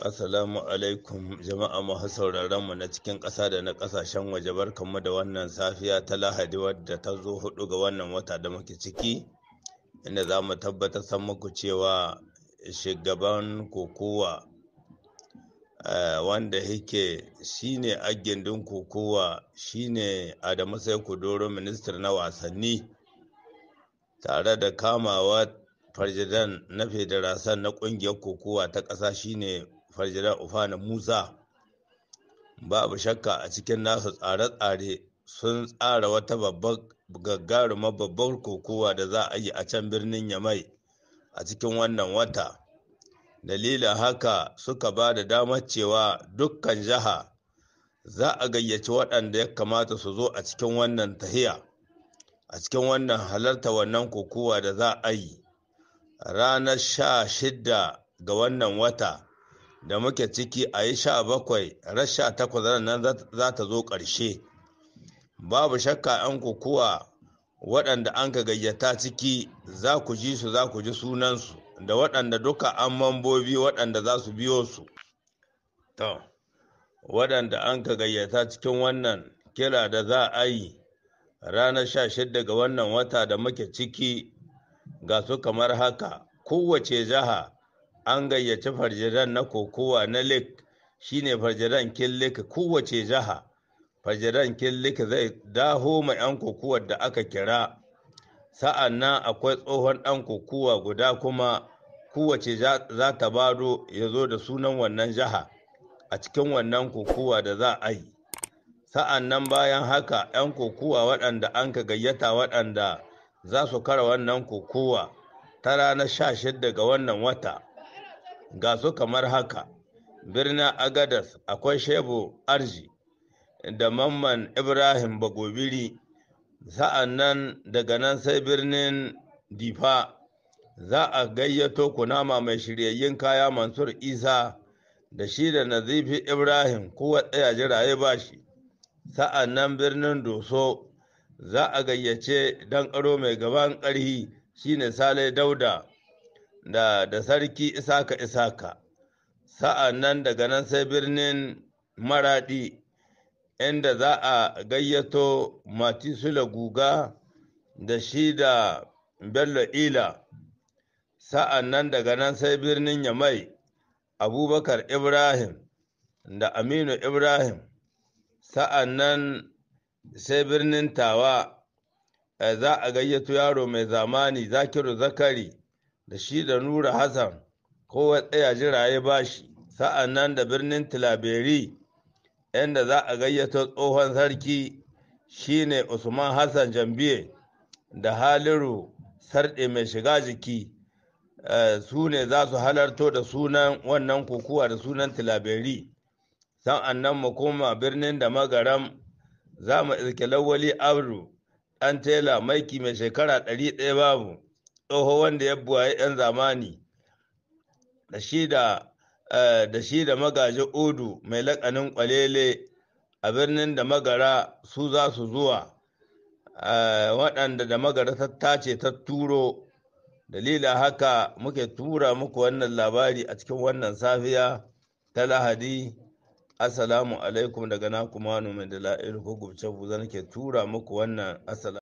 Assalamu alaikum jama'a masu sauraron mu na cikin ƙasa da na ƙasashen waje barkanmu da wannan safiya ta Lahadi wadda ta zo hudu ga wannan wata da muke ciki inda za mu tabbatar san muku cewa shugaban kokowa eh, wanda yake shine agindin kokowa shine Adamu Sai Kudoro minister na wasanni tare da kamawa farjidan na federasan na kungiyar kokowa ta ƙasa shine farjira ufana musa babu shakka a cikin nasu tsare-tsare sun tsara wata babbar gagarumar babbar kokowa da za a yi a can birnin yamai a cikin wannan wata dalilin haka suka ba da damar cewa dukkan jiha za a gayyaci waɗanda ya kamata su zo a cikin wannan tahiya a cikin wannan halarta wannan kokowa da za a yi ranar sha shidda ga wannan wata da muke ciki a yi sha bakwai rasha takwas nan za ta zo ƙarshe babu shakka 'yan kukuwa waɗanda an ka gayyata ciki za ku ji su za ku ji sunansu da waɗanda duka an mambobi waɗanda za su biyo su to waɗanda an ka gayyata cikin wannan kira da za a yi ranar sha shidda ga wannan wata da muke ciki ga su kamar haka kowace jiha an gayyaci farjiran na kokowa na lek shine farjiran killik kowace jiha farjiran killik zai daho ma 'yan kokowar da aka kira sa'an nan akwai tsohon ɗan kokowa guda kuma kowace za ta bado ya zo da sunan wannan jiha a cikin wannan kokowa da za a yi sa'an nan bayan haka 'yan kokowa waɗanda an ka gayyata waɗanda za su kara wannan kokowa ta ranar 16 ga wannan wata ga su kamar haka birnin agadas akwai shebu arji da mamman ibrahim bagobiri nan daga nan sai birnin difa za a gayyato kunama mai shiryayyen kaya mansur isa da shi da nazifi ibrahim kowa tsaya jiraye ba shi nan birnin doso za a gayyace dan karo mai gaban ƙarhi shine sale dauda da, da sarki isaka isaka sa'an nan daga nan sai birnin maraɗi inda za a gayyato matisula guga da shi da bello ila sa'an nan daga nan sai birnin yamai abubakar ibrahim da aminu ibrahim sa'an nan sai birnin tawa eh, za a gayyato yaro mai zamani zakiru zakari da shi da nura hassan kowa tsaya jiraye bashi shi sa'an nan da birnin tilaberi inda za a gayyato tsohon sarki shine usman hassan jambiye da haliru sarɗe mai shiga jiki eh, su ne za su halarto da sunan wannan kokuwa da sunan tilaberi sa'an nan mu koma birnin da magaram za mu iske lawali abru ɗan tela maiki mai shekara ɗari ɗaya babu tsoho wanda ya buwaye yan zamani da shi da eh, magaji odu mai lakanin kwalele a birnin da magara su za su zuwa eh, waɗanda da magara ta tace ta turo dalila haka muke tura muku wannan labari a cikin wannan safiya ta lahadi assalamu alaikum daga na kuma numin da la'il gubce buza nake tura muku wannan assalamu